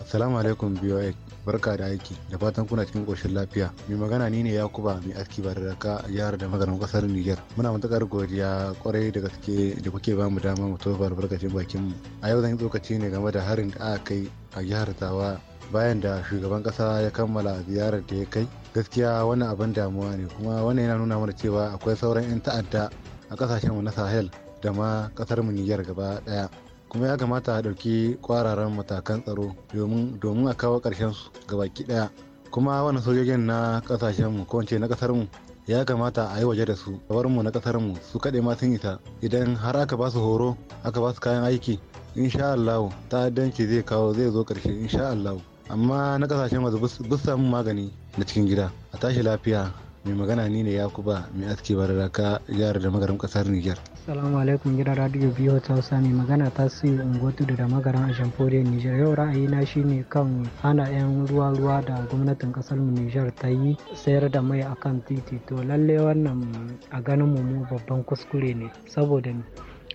assalamu alaikum voh barka da aiki da fatan kuna cikin koshin lafiya mai magana ni ne yakuba mai aski ba da raka yara da maganin kasar niger muna matukar godiya kwarai da gaske da kuke ba mu dama mu tofa albarkacin bakin mu a yau zan yi tsokaci ne game da harin da aka kai a jihar tawa bayan da shugaban kasa ya kammala ziyarar da ya kai gaskiya wannan abin damuwa ne kuma wannan yana nuna mana cewa akwai sauran 'yan ta'adda a kasashen na sahel da ma kasar mu niger gaba daya kuma ya kamata a ɗauki kwararan matakan tsaro domin a kawo ƙarshen su gabaki daya kuma wannan sojojin na kasashen mu ko na kasar mu ya kamata a yi waje da su kamar mu na kasar mu su kaɗe ma sun isa idan har aka ba su horo aka ba su kayan aiki insha Allah ta'addanci zai kawo zai zo ƙarshe insha amma na kasashen waje bus samun magani na cikin gida a tashi lafiya mai magana ni ne yakuba mai aski ka jihar da magarin kasar niger salamu alaikum gidan radio biyu ta wasa mai magana ta siyo ungotu da magaran a shamfodiyar niger yau ra'ayi shi shine kan hana yan ruwa ruwa da gwamnatin kasar mu niger ta yi sayar da mai akan titi to lalle wannan a ganin mu babban kuskure ne saboda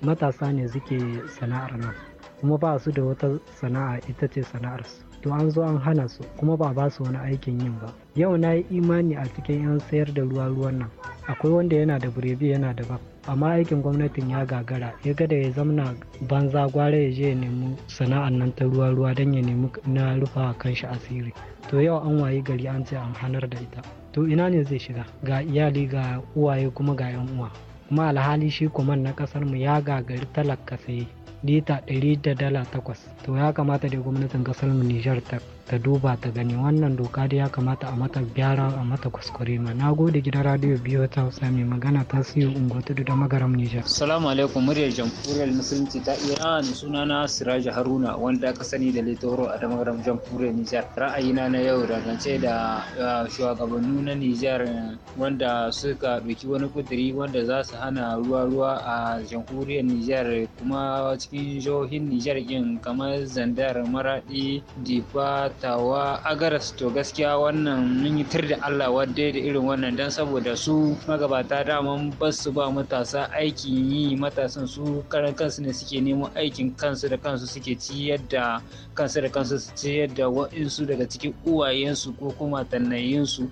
matasa ne suke sana'ar nan kuma ba su da wata sana'a ita ce sana'arsu to an zo an hana su kuma ba ba su wani aikin yin ba yau na yi imani a cikin 'yan sayar da ruwa ruwan nan akwai wanda yana da burebi yana da ba amma aikin gwamnatin ya gagara ya ga da ya zamna banza gwara ya je ya nemi sana'an nan ta ruwa ruwa don ya nemi na rufa shi asiri to yau an wayi gari an ce an hanar da ita to ina ne zai shiga ga iyali ga uwaye kuma ga 'yan uwa kuma alhali shi kuman na kasar mu ya gagari talaka sai lita ɗari da dala takwas to ya kamata da gwamnatin kasar mu nijar ta ta duba ta gani wannan doka da ya kamata a mata gyara a mata kuskure ma na gode gidan radio biyu ta hausa mai magana ta siyo ungotudu da magaram nijar salamu alaikum muryar jamhuriyar musulunci ta iran sunana Siraji haruna wanda aka sani da litoro a damagaram jamhuriyar nijar ra'ayina na yau da, dangance da uh, shugabannu na nijar wanda suka ɗauki wani kuduri wanda za su hana ruwa-ruwa a jamhuriyar nijar kuma cikin jihohin nijar ɗin kamar zandar maraɗi difa tawa agaras to gaskiya wannan mun yi da Allah wadda da irin wannan dan saboda su magabata daman basu ba matasa aiki, yi matasan su karan kansu ne suke neman aikin kansu da kansu suke ci yadda kansu da kansu su ci yadda wa'insu daga cikin uwayensu ko kuma tannayinsu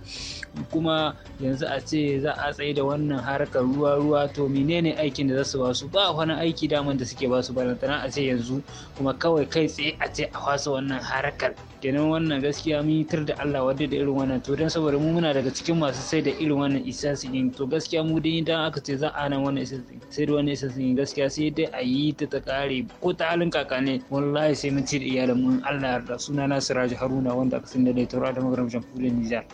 kuma yanzu a ce za a tsaye da wannan harkar ruwa ruwa to menene aikin da za su basu ba wani aiki daman da suke basu balantana a ce yanzu kuma kawai kai tsaye a ce a fasa wannan harkar kenan wannan gaskiya mun tar da Allah wadda da irin wannan to dan saboda mu muna daga cikin masu sai da irin wannan isa din to gaskiya mu dai idan aka ce za a nan wannan isansi sai da wannan din gaskiya sai dai a yi ta ta kare ko ta halin kaka ne wallahi sai mun ci da iyalan mu Allah yarda suna na Siraj Haruna wanda aka san da Taurari da Magaram Jamhuriyar Nijar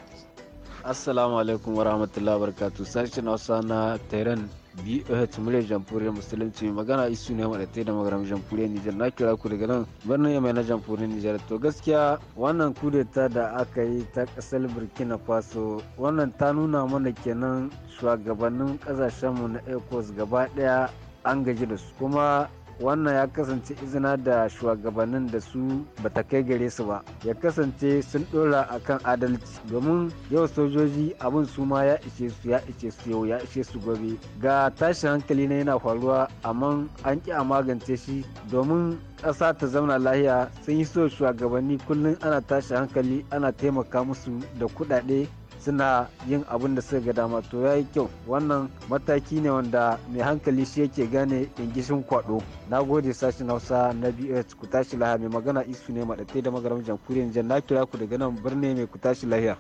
assalamu alaikum wa wabarakatuh wa barakatu sashen hausa na tehran BOH muryar jamhuriyar musulunci mai magana isu ne maɗatai da magaram jamhuriyar Nijar na kira ku daga nan birnin yamai na jamhuriyar Nijar to gaskiya wannan kudeta da aka yi ta kasar Burkina Faso wannan ta nuna mana kenan shugabannin ƙasashenmu na ECOWAS gaba ɗaya an gaji da su kuma wannan ya kasance izina da shugabannin da su ba ta kai gare su ba ya kasance sun dora kan adalci domin yau sojoji abin su ma ya ishe su ya ishe su yau ya ishe su gobe ga tashi hankali na yana faruwa amma an ki a magance shi domin ƙasa ta zauna lahiya sun yi so shugabanni kullum ana tashi hankali ana taimaka musu da kuɗaɗe suna yin abin da suka ga dama to ya yi kyau wannan mataki ne wanda mai hankali shi yake gane ingishin kwado na gode sashen hausa na bh ku tashi lahiya mai magana isu ne maɗatai da magaram jamhuriyar jan na kira ku daga nan birni mai ku tashi lahiya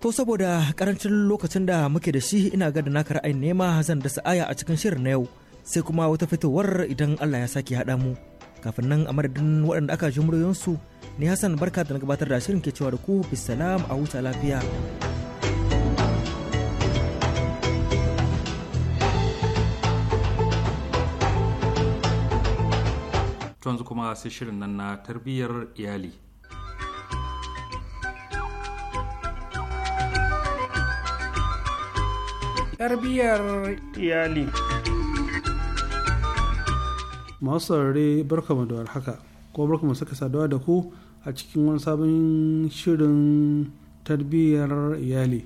To saboda karancin lokacin da muke da shi ina ga da naka ra'ayin nema zan dasa aya a cikin shirin na yau sai kuma wata fitowar idan Allah ya sake haɗa mu kafin nan a madadin waɗanda aka ji muryoyinsu ne Hassan barka da na gabatar da shirin ke cewa da ku bisalam a huta lafiya. to yanzu kuma sai shirin nan na tarbiyyar iyali tarbiyyar iyali masu saurare barkamu da warhaka ko barkamu suka saduwa da ku a cikin wani sabon shirin tarbiyyar iyali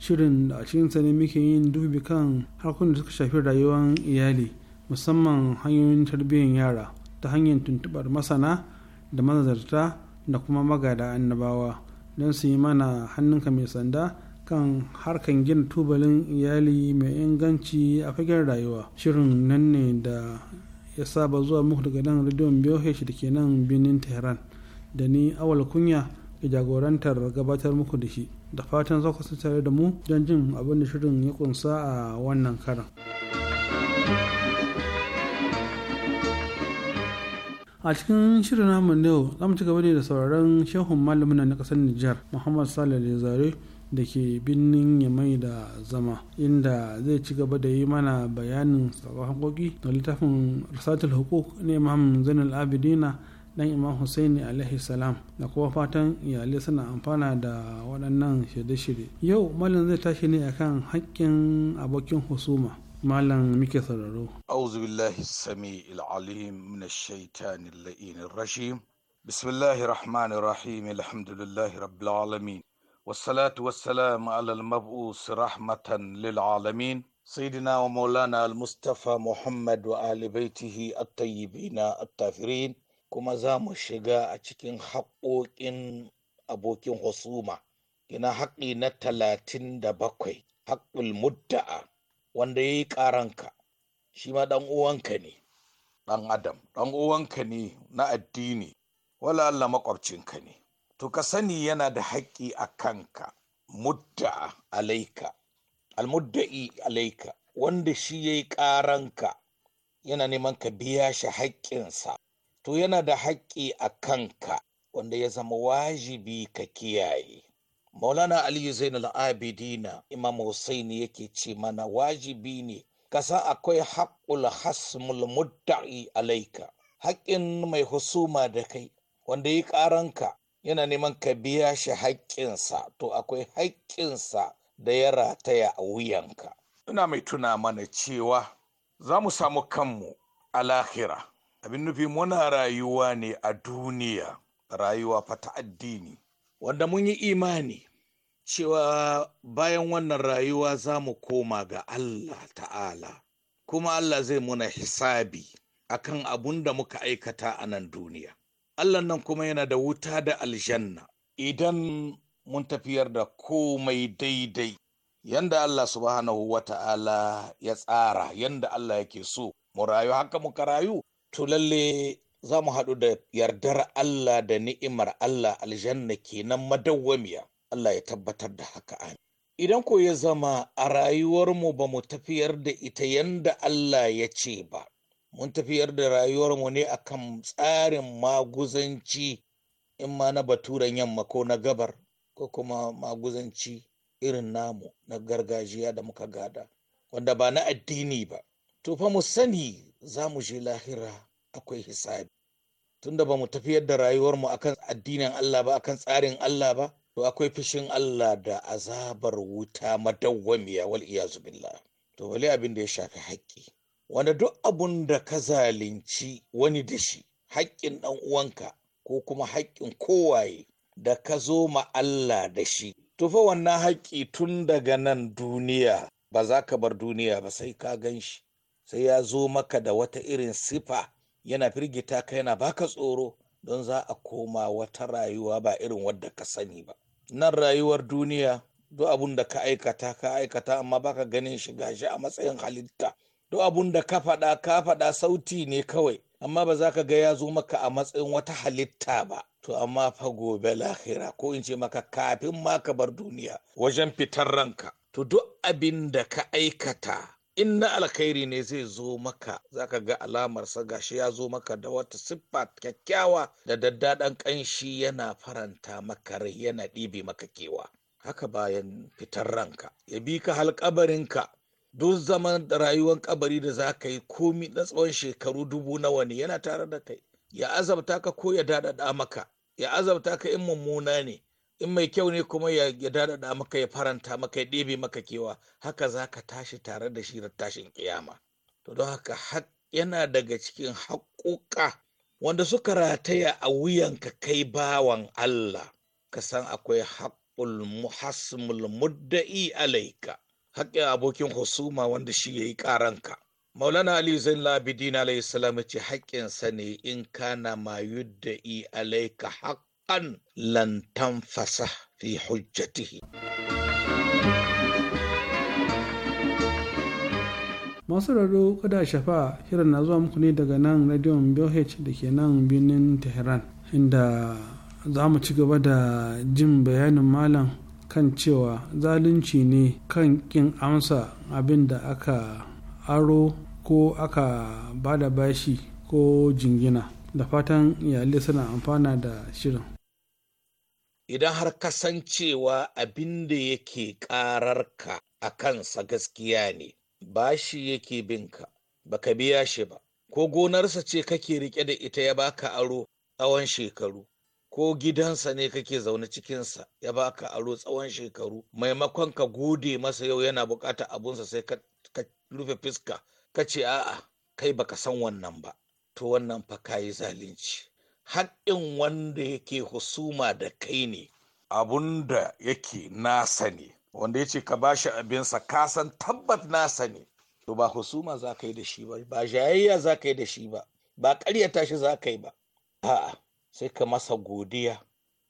shirin da a cikin ne muke yin dubi kan harkokin da suka shafi rayuwar iyali musamman hanyoyin tarbiyyar yara ta hanyar tuntubar masana da manazarta da kuma magada annabawa don su yi mana hannunka mai sanda kan harkan gina tubalin iyali mai inganci a fagen rayuwa shirin nan ne da ya saba zuwa muku daga nan rediyon biyo da ke nan birnin tehran da ni awal kunya da jagorantar gabatar muku da shi da fatan za ku tare da mu don jin abin da shirin ya kunsa a wannan karan. a cikin shirin namu na yau za mu ci gaba ne da sauraron shehun malamin na kasar Nijar Muhammad Salih Zare da ke birnin Yamai da zama inda zai ci gaba da yi mana bayanin sabon hakoki da littafin Risatul Hukuk na Imam Abidina dan Imam Hussaini alaihi salam da kuma fatan iyalai suna amfana da waɗannan shirye-shirye. Yau malam zai tashi ne akan haƙƙin abokin husuma. Malam muke sauraro. A'udhu billahi sami'il alim min ash-shaytanir la'in ar-rajim. Bismillahir rahmanir rahim. Alhamdulillahi rabbil alamin. Wassalatu wassalamu ala al-mab'us rahmatan lil alamin. Sayyidina wa Maulana al-Mustafa Muhammad wa ali baitihi at-tayyibin at-tafirin. Kuma za mu shiga a cikin haƙoƙin abokin husuma. Ina haƙi na talatin da bakwai. Haƙul mudda'a. wanda ya yi ƙaranka shi ma ɗan uwanka ne ɗan adam ɗan uwanka ne na addini wala Allah makwabcinka ne to ka sani yana da haƙƙi a kanka mudda alaika almudda'i alaika wanda shi ya yi ƙaranka yana neman ka biya shi haƙƙinsa to yana da haƙƙi a kanka wanda ya zama wajibi ka kiyaye maulana aliyu zainul abidina imam hussein yake ce mana wajibi ne kasa akwai haƙƙul hasmul mudda'i alaika haƙƙin mai husuma da kai wanda yi ƙaranka yana neman ka biya shi haƙƙinsa to akwai haƙƙinsa da ya rataya a wuyanka ina mai tuna mana cewa za mu samu kanmu a lahira abin nufi muna rayuwa ne a duniya rayuwa fata addini wanda mun yi imani cewa bayan wannan rayuwa za mu koma ga Allah ta'ala kuma Allah zai muna hisabi akan abun da muka aikata a nan duniya Allah nan kuma yana da wuta da aljanna idan mun tafiyar da komai daidai yanda Allah subhanahu wa ta'ala ya tsara yanda Allah yake so mu rayu haka muka rayu to lalle za mu haɗu da yardar Allah da ni'imar Allah aljanna kenan madawwamiya Allah ya tabbatar da haka an. idan ko ya zama a rayuwarmu ba mu tafiyar da ita yanda Allah ya ce ba mun tafiyar da rayuwarmu ne akan tsarin maguzanci in ma na baturen yamma ko na gabar ko kuma maguzanci irin namu na gargajiya da muka gada wanda ba na addini ba to fa mu sani za mu je lahira akwai hisabi tunda ba mu tafi da rayuwarmu akan addinin Allah ba akan tsarin Allah ba to akwai fishin Allah da azabar wuta madawwamiya wal iyazu billah to wali abin da ya shafi haƙƙi wanda duk abun da ka zalunci wani da shi haƙƙin dan uwanka ko kuma haƙƙin kowaye da ka zo ma Allah da shi to fa wannan haƙƙi tun daga nan duniya ba za ka bar duniya ba sai ka gan shi sai ya zo maka da wata irin sifa yana firgita ka yana baka tsoro don za a koma wata rayuwa ba irin wadda ka sani ba nan rayuwar duniya duk abun da ka aikata ka aikata amma baka ganin shi gashi a matsayin halitta duk abun da ka faɗa ka faɗa sauti ne kawai amma ba za ka ga ya zo maka a matsayin wata halitta ba to amma fa gobe lahira ko in ce maka kafin ma ka bar duniya wajen fitar ranka to duk abin da ka aikata in na alkhairi ne zai zo maka zaka ga alamar sa gashi ya zo maka da wata siffa kyakkyawa da daddaɗan ƙanshi yana faranta maka rai yana ɗibe maka kewa haka bayan fitar ranka ya bi ka halƙabarinka duk zaman da rayuwar kabari da za ka yi komi na tsawon shekaru dubu na wani yana tare da kai ya azabta ka ko ya daɗaɗa maka ya azabta ka in mummuna ne in mai kyau ne kuma ya dadada maka ya faranta maka ya ɗebe maka kewa haka za ka tashi tare da shi tashin kiyama to don haka yana daga cikin haƙuƙa wanda suka rataya a wuyanka kai bawan Allah ka san akwai haƙul muhasmul mudda'i alaika haƙƙin abokin husuma wanda shi ya yi ƙaranka maulana ali zain labidin alayhi salam ce haƙƙinsa ne in kana ma yudda'i alaika haƙ an lantan fasa fi hujjatihi. masu raro kada shafa shirin na zuwa muku ne daga nan radio BOH da ke nan birnin tehran inda za mu ci gaba da jin bayanin malam kan cewa zalunci ne kan kin amsa abin da aka aro ko aka bada bashi ko jingina da fatan iyalai suna amfana da shirin idan har kasancewa abin da yake ƙararka a kansa gaskiya ne ba shi yake binka baka biya shi ba ko gonarsa ce kake rike da ita ya baka aro tsawon shekaru ko gidansa ne kake zaune cikinsa ya baka aro tsawon shekaru maimakon ka gode masa yau yana bukata abunsa sai ka rufe fuska ka ce a'a kai baka san wannan ba to wannan fa kayi zalunci haƙƙin wanda yake husuma da kai ne abun da yake nasa ne wanda ya ce ka ba shi abinsa ka san tabbat nasa ne to ba husuma za ka yi da shi ba ba jayayya za ka yi da shi ba ba karya tashi za ka yi ba a'a sai ka masa godiya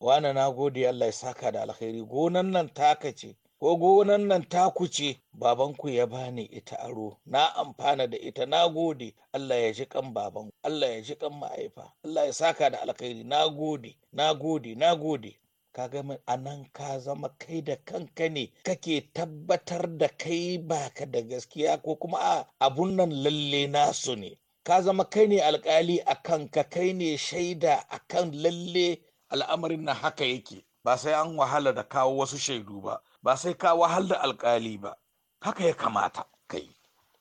wane na gode Allah ya saka da alkhairi gonan nan taka ce ko gonan nan taku ce babanku ya bani ita aro na amfana da ita na gode Allah ya ji kan baban Allah ya ji kan ma'aifa Allah ya saka da alkhairi na gode na gode na gode ka gama a nan ka zama kai da kanka ne kake tabbatar da kai baka da gaskiya ko kuma a abun nan lalle nasu ne ka zama kai ne alkali a kanka kai ne shaida a kan lalle al'amarin na haka yake ba sai an wahala da kawo wasu shaidu ba ba sai ka wahal da alkali ba haka ya kamata kai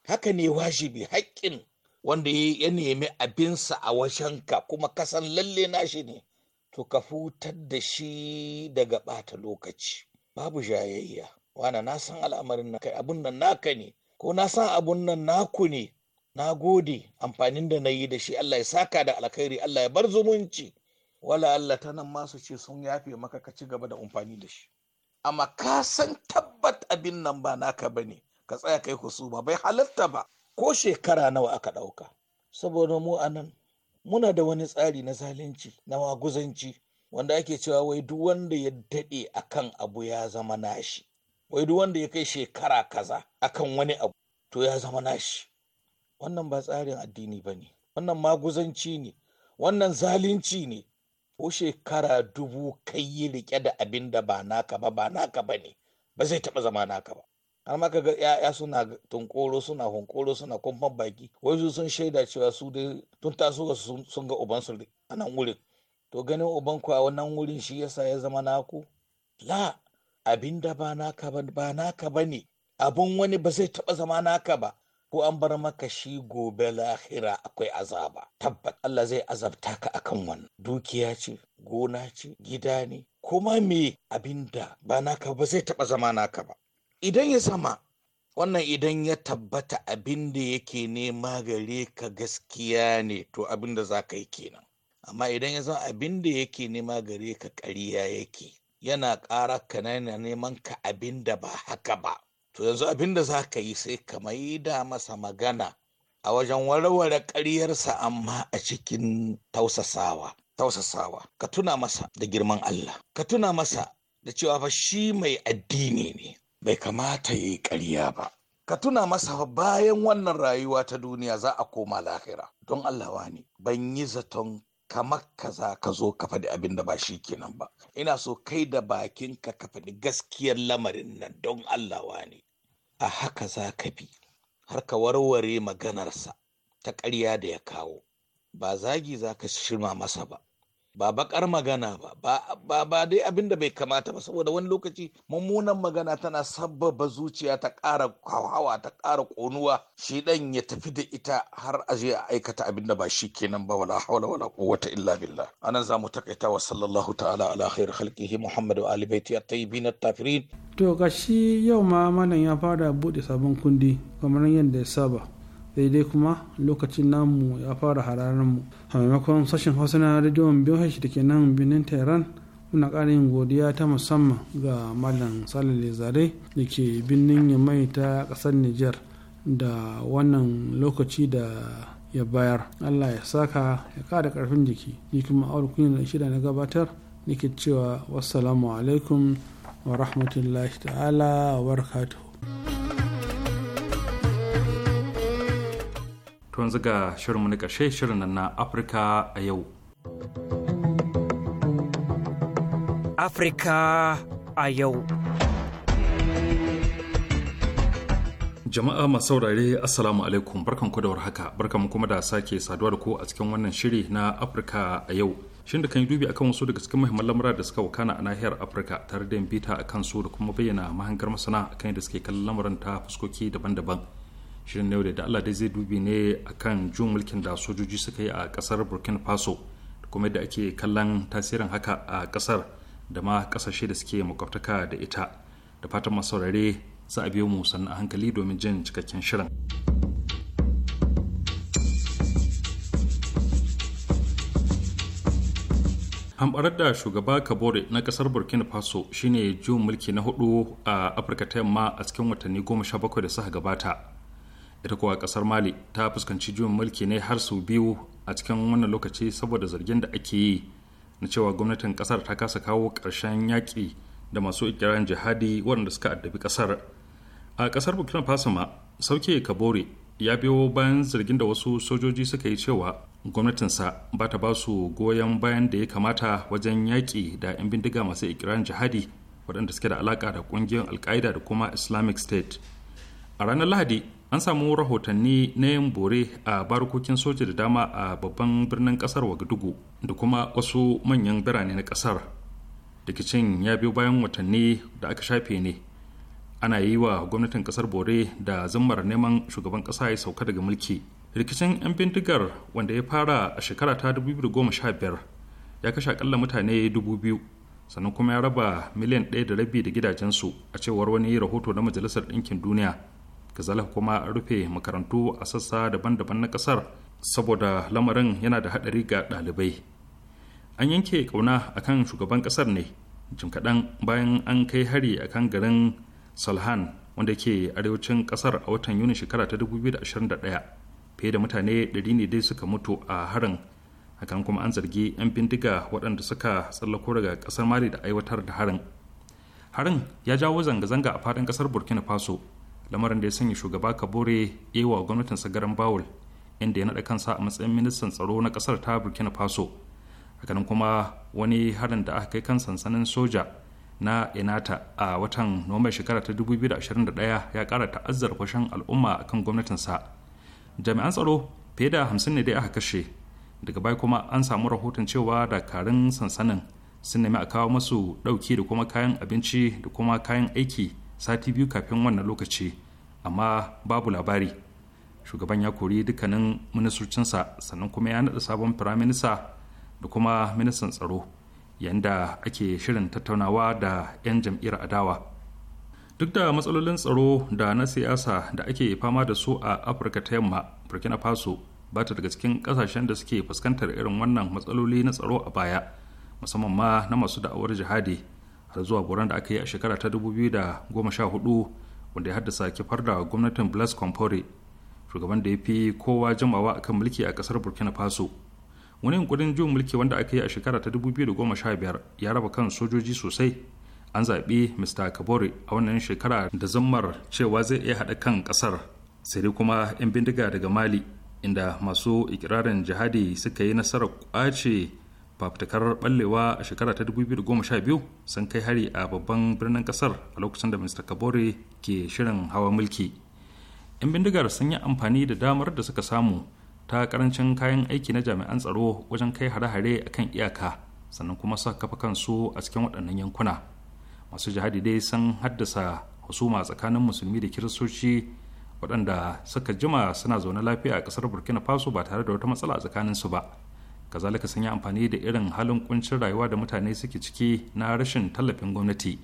haka ne wajibi haƙƙin wanda ya nemi abinsa a ka. kuma kasan lalle nashi ne to ka futar da shi daga ɓata lokaci babu jayayya wana na san al'amarin na kai abun nan naka ne ko na san abun nan naku ne na gode amfanin da na yi da shi Allah ya saka da alkhairi Allah ya bar zumunci wala Allah ta nan masu ce sun yafe maka ka ci gaba da amfani da shi amma ka san tabbat abin nan ba naka ba ne ka tsaya kai ba. bai halatta ba ko shekara nawa aka ɗauka saboda mu a nan muna da wani tsari na zalunci na waguzanci wanda ake cewa wai duk wanda ya daɗe akan abu ya zama nashi wai duk wanda ya kai shekara kaza akan wani abu to ya zama nashi wannan ba tsarin addini ba ne wannan maguzanci ne wannan zalunci ne ko shekara dubu kai yi rike da abin da ba naka ba ba naka ba ne ba zai taɓa zama naka ba har ma kaga ya'ya suna tunkoro suna hunkoro suna kumfan baki su sun shaida cewa su dai tun taso sun ga su a nan wurin to ganin ku a wannan wurin shi yasa ya zama naku la abin da ba naka ba ba naka ba ne abun wani ba zai taɓa zama naka ba ko an bar maka shi gobe lahira akwai azaba tabbat Allah zai azabta ka akan wannan dukiya ce gona ce gida ne kuma me abinda ba naka ba zai taba zama naka ba idan ya sama wannan idan ya tabbata abinda yake nema gare ka gaskiya ne to abin za ka yi kenan amma idan ya zama abin da yake nema gare ka ƙarya yake yana ƙara ka neman ka abin da ba haka ba to yanzu abin da za ka yi sai ka maida masa magana a wajen warware ƙaryarsa amma a cikin tausasawa tausasawa ka tuna masa da girman Allah ka tuna masa da cewa fa shi mai addini ne bai kamata ya yi ƙarya ba ka tuna masa bayan wannan rayuwa ta duniya za a koma lahira don Allah wani ban yi zaton kamar za ka zo ka faɗi abin da ba shi kenan ba ina so kai da bakin ka ka faɗi gaskiyar lamarin nan don Allah wane a haka za ka bi har ka warware maganarsa ta ƙarya da ya kawo ba zagi za ka shirma masa ba ba bakar magana ba ba ba dai abin da bai kamata ba saboda wani lokaci mummunan magana tana sabbaba zuciya ta ƙara hawa ta ƙara ƙonuwa shi dan ya tafi da ita har a je a aikata abin da ba shi kenan ba wala hawla wala quwwata illa billah anan zamu takaita wa sallallahu ta'ala ala khair khalqihi muhammad wa ali baiti at-tayyibin at-tafirin to gashi yau ma malam ya fara bude sabon kundi kamar yadda ya saba dai kuma lokacin namu ya fara hararin mu a maimakon sashen hausa na rediyon biyohashi da ke nan birnin tehran muna ƙara yin godiya ta musamman ga malam salale zare da ke birnin yamai ta ƙasar niger da wannan lokaci da ya bayar allah ya saka ya kada ƙarfin jiki ni kuma awar kunya da shida na gabatar nake cewa wassalamu alaikum wa rahmatullahi ta'ala wa barakatuhu to yanzu ga shirinmu na ƙarshe shirin na afirka a yau afirka a yau jama'a masu saurare assalamu alaikum barkan ku da warhaka barkan kuma da sake saduwa da ku a cikin wannan shiri na afirka a yau shin da kan yi dubi akan wasu daga cikin muhimman lamura da suka wakana a nahiyar afirka tare da yin bita a kan su da kuma bayyana mahangar masana akan yadda suke kallon lamuran ta fuskoki daban-daban shirin na yau da allah dai zai dubi ne akan jun mulkin da sojoji suka yi a kasar burkina faso da kuma yadda ake kallon tasirin haka a kasar da ma kasashe da suke makwabtaka da ita da fatan masaurare za a biyo mu sannan a hankali domin jin cikakken shirin. hamɓarar da shugaba kabore na ƙasar burkina faso shine juyin mulki na hudu a afirka ta yamma a cikin watanni goma sha bakwai da suka gabata ita kuwa kasar mali ta fuskanci juyin mulki ne har sau biyu a cikin wannan lokaci saboda zargin da ake yi na cewa gwamnatin kasar ta kasa kawo ƙarshen yaƙi da masu ikirarin jihadi waɗanda suka addabi kasar a kasar burkina faso ma sauke kabore ya biyo bayan zargin da wasu sojoji suka yi cewa gwamnatinsa ba ta ba su goyon bayan da ya kamata wajen yaƙi da 'yan bindiga masu ikirarin jihadi waɗanda suke da alaƙa da ƙungiyar alƙaida da kuma islamic state a ranar lahadi an samu rahotanni na yin bore a barkokin soja da dama a babban birnin kasar wagadugu da kuma wasu manyan birane na kasar rikicin ya biyo bayan watanni da aka shafe ne ana yi wa gwamnatin kasar bore da zammar neman shugaban kasa ya sauka daga mulki rikicin 'yan bindigar wanda ya fara a shekara ta 2015 ya kashe akalla mutane 2000 sannan kuma ya raba miliyan ɗaya da rabi da gidajensu a cewar wani rahoto na majalisar ɗinkin duniya kazalika kuma rufe makarantu a sassa daban-daban na kasar saboda lamarin yana da haɗari ga ɗalibai an yanke ƙauna akan shugaban ƙasar ne jim kaɗan bayan an kai hari akan garin salhan wanda ke arewacin ƙasar a watan yuni shekara ta 2021 fiye da mutane 100 ne dai suka mutu a harin hakan kuma an zargi 'yan bindiga waɗanda suka tsallako daga kasar mali da aiwatar da harin harin ya jawo zanga-zanga a faɗin ƙasar burkina faso lamarin da ya sanya shugaba kabore ewa gwamnatin sagaran bawul inda ya naɗa kansa a matsayin ministan tsaro na ƙasar ta burkina faso hakanan kuma wani harin da aka kai kan sansanin soja na inata a watan nomar shekara ta 2021 ya ƙara ta'azzar kwashen al'umma a kan gwamnatinsa jami'an tsaro fiye da hamsin ne dai aka kashe daga baya kuma an samu rahoton cewa dakarun sansanin sun nemi a kawo masu ɗauki da kuma kayan abinci da kuma kayan aiki sati biyu kafin wannan lokaci amma babu labari shugaban ya kori dukkanin ministocinsa sannan kuma ya naɗa sabon firaminista da kuma ministan tsaro yadda ake shirin tattaunawa da 'yan jam'iyyar adawa duk da matsalolin tsaro da na siyasa da ake fama da su a afirka ta yamma burkina faso ba ta daga cikin kasashen da suke fuskantar irin wannan matsaloli na tsaro a baya musamman ma na masu da'awar jihadi har zuwa goron da aka yi a shekara ta 2014 wanda ya haddasa kifar da gwamnatin blaise compaore shugaban da ya fi kowa jimawa akan mulki a kasar burkina faso wani yankurin juyin mulki wanda aka yi a shekara ta 2015 ya raba kan sojoji sosai an zaɓi mr kabore a wannan shekara da zammar cewa zai iya haɗa kan ƙasar sai dai kuma 'yan bindiga daga mali inda masu ikirarin jihadi suka yi nasarar kwace fafutukar ballewa a shekara ta 2012 sun kai hari a babban birnin kasar a lokacin da mr kabore ke shirin hawa mulki 'yan bindigar sun yi amfani da damar da suka samu ta karancin kayan aiki na jami'an tsaro wajen kai hare-hare a kan iyaka sannan kuma suka kafa kansu a cikin waɗannan yankuna masu jihadi dai sun haddasa husuma tsakanin musulmi da kiristoci waɗanda suka jima suna zaune lafiya a ƙasar burkina faso ba tare da wata matsala a tsakaninsu ba kazalika sun yi amfani da irin halin kuncin rayuwa da mutane suke ciki na rashin tallafin gwamnati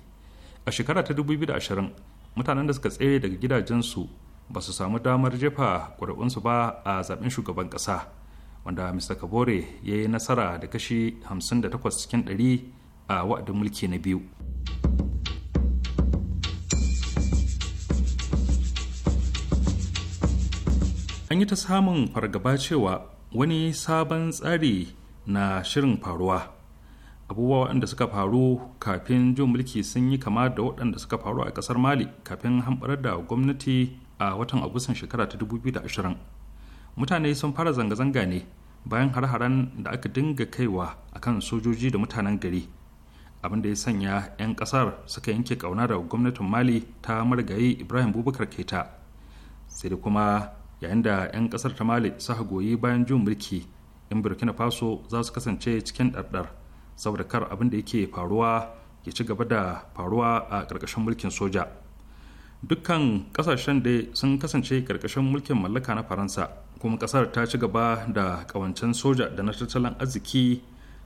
a shekara ta 2020 mutanen da suka tsere daga gidajensu ba su samu damar jefa ƙuri'unsu ba a zaɓen shugaban ƙasa wanda mr kabore ya yi nasara da kashi 58 cikin 100 a wa'adin mulki na biyu an yi ta samun fargaba cewa wani sabon tsari na shirin faruwa abubuwa waɗanda suka faru kafin jin mulki sun yi kama da waɗanda suka faru a ƙasar mali kafin hamɓarar da gwamnati a watan agustan shekara ta 2020 mutane sun fara zanga-zanga ne bayan har-haren da aka dinga kaiwa akan sojoji da mutanen gari abin da ya sanya 'yan ƙasar suka yanke ƙauna da gwamnatin mali ta marigayi ibrahim bubakar keta sai da kuma yayin da 'yan kasar ta mali suka goyi bayan jin mulki in burkina faso za su kasance cikin ɗarɗar saboda kar abin da yake faruwa ya ci gaba da faruwa a ƙarƙashin mulkin soja dukkan ƙasashen da sun kasance ƙarƙashin mulkin mallaka na faransa kuma ƙasar ta ci gaba da ƙawancen soja da na tattalin arziki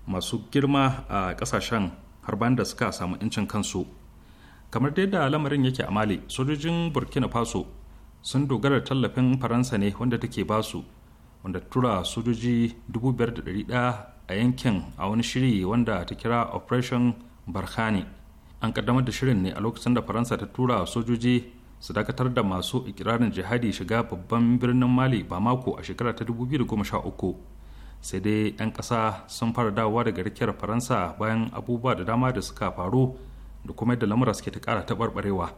masu girma a ƙasashen har bayan da suka samu 'yancin kansu kamar dai da lamarin yake a mali sojojin burkina faso sun dogara tallafin faransa ne wanda take basu wanda tura sojoji 5,100 a yankin a wani shiri wanda ta kira operation barkhane an kaddamar da shirin ne a lokacin da faransa ta tura sojoji su dakatar da masu ikirarin jihadi shiga babban birnin mali ba mako a shekara ta 2013 sai dai 'yan kasa sun fara dawowa daga rikiyar faransa bayan abubuwa da dama da suka faru da kuma yadda lamura suke ta ƙara taɓarɓarewa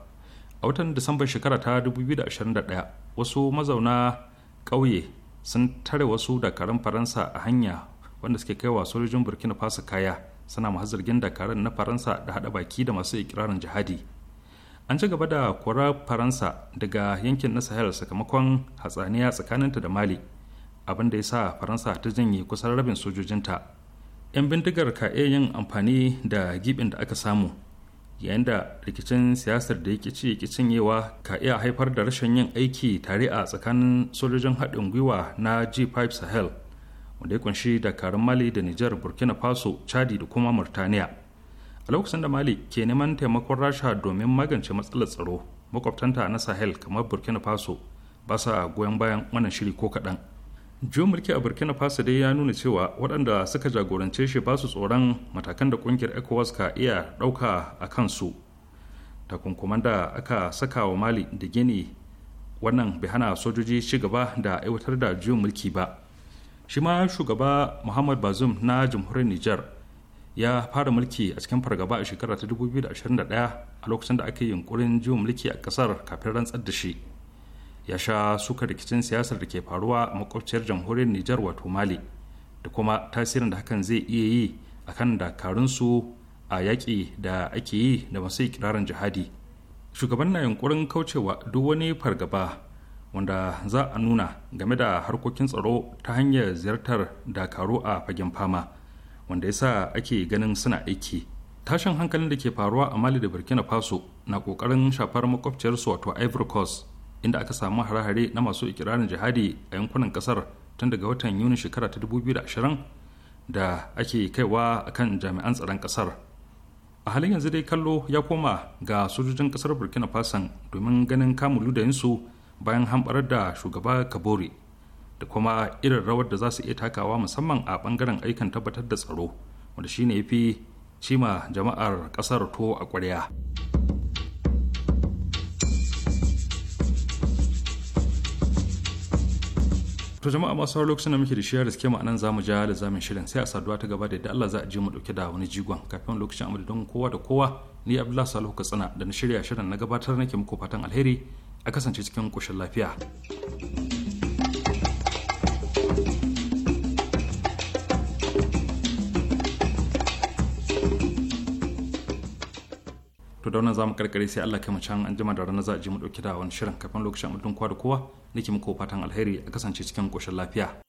a watan disambar shekara ta 2021 wasu mazauna ƙauye sun tare wasu dakarun faransa a hanya wanda suke kaiwa sojojin burkina faso kaya suna masu zargin dakarun na faransa da haɗa baki da masu ikirarin jihadi an ci gaba da kora faransa daga yankin na sahel sakamakon hatsaniya tsakaninta da mali abin da ya sa faransa ta janye kusan rabin sojojinta 'yan bindigar ka iya yin amfani da gibin da aka samu yayin da rikicin siyasar da yake ci yake cinyewa ka iya haifar da rashin yin aiki tare a tsakanin sojojin haɗin gwiwa na g5 sahel wanda ya kunshi dakarun mali da nijar burkina faso chadi da kuma murtaniya a lokacin da mali ke neman taimakon rasha domin magance matsalar tsaro makwabtanta na sahel kamar burkina faso ba sa goyon bayan wannan shiri ko kaɗan juyin mulki a burkina faso dai ya nuna cewa waɗanda suka jagorance shi ba su tsoron matakan da ƙungiyar ecowas ka iya ɗauka a kansu takunkuman da aka saka wa mali da gini wannan bai hana sojoji ci gaba da aiwatar da juyin mulki ba shi ma shugaba muhammad bazum na jamhuriyar niger ya fara mulki a cikin fargaba a shekara ta 2021 a lokacin da aka yi yunkurin juyin mulki a ƙasar kafin rantsar da shi ya sha suka rikicin siyasar da ke faruwa a makwabciyar jamhuriyar Nijar wato Mali da kuma tasirin da hakan zai iya yi akan dakarunsu a yaƙi da ake yi da masu ikirarin jihadi shugaban na yunkurin kaucewa duk wani fargaba wanda za a nuna game da harkokin tsaro ta hanyar ziyartar dakaru a fagen fama wanda ya sa ake ganin suna aiki tashin hankalin da ke faruwa a mali da burkina faso na kokarin shafar makwabciyarsu wato ivory coast inda aka samu hare-hare na masu ikirarin jihadi a yankunan kasar tun daga watan yuni shekara ta 2020 da ake kaiwa a kan jami'an tsaron kasar a halin yanzu dai kallo ya koma ga sojojin kasar burkina faso domin ganin kamun ludayinsu bayan hamɓarar da shugaba kabore da kuma irin rawar da za su iya takawa musamman a bangaren aikin tabbatar da tsaro wanda shine ya fi cima jama'ar kasar to a ƙwarya. to jama'a masu har lokacin da muke da shi da suke ma'anan zamu ja da zamin shirin sai a saduwa ta gaba da yadda Allah za a je mu dauke da wani jigon kafin lokacin amma don kowa da kowa ni Abdullahi Salihu Katsina da na shirya shirin na gabatar nake muku fatan alheri a kasance cikin koshin lafiya. da za mu karkare sai Allah kai mu can an jima da ranar za a ji mu dauki da wani shirin kafin lokacin mutum kwa da kowa nake muku fatan alheri a kasance cikin koshin lafiya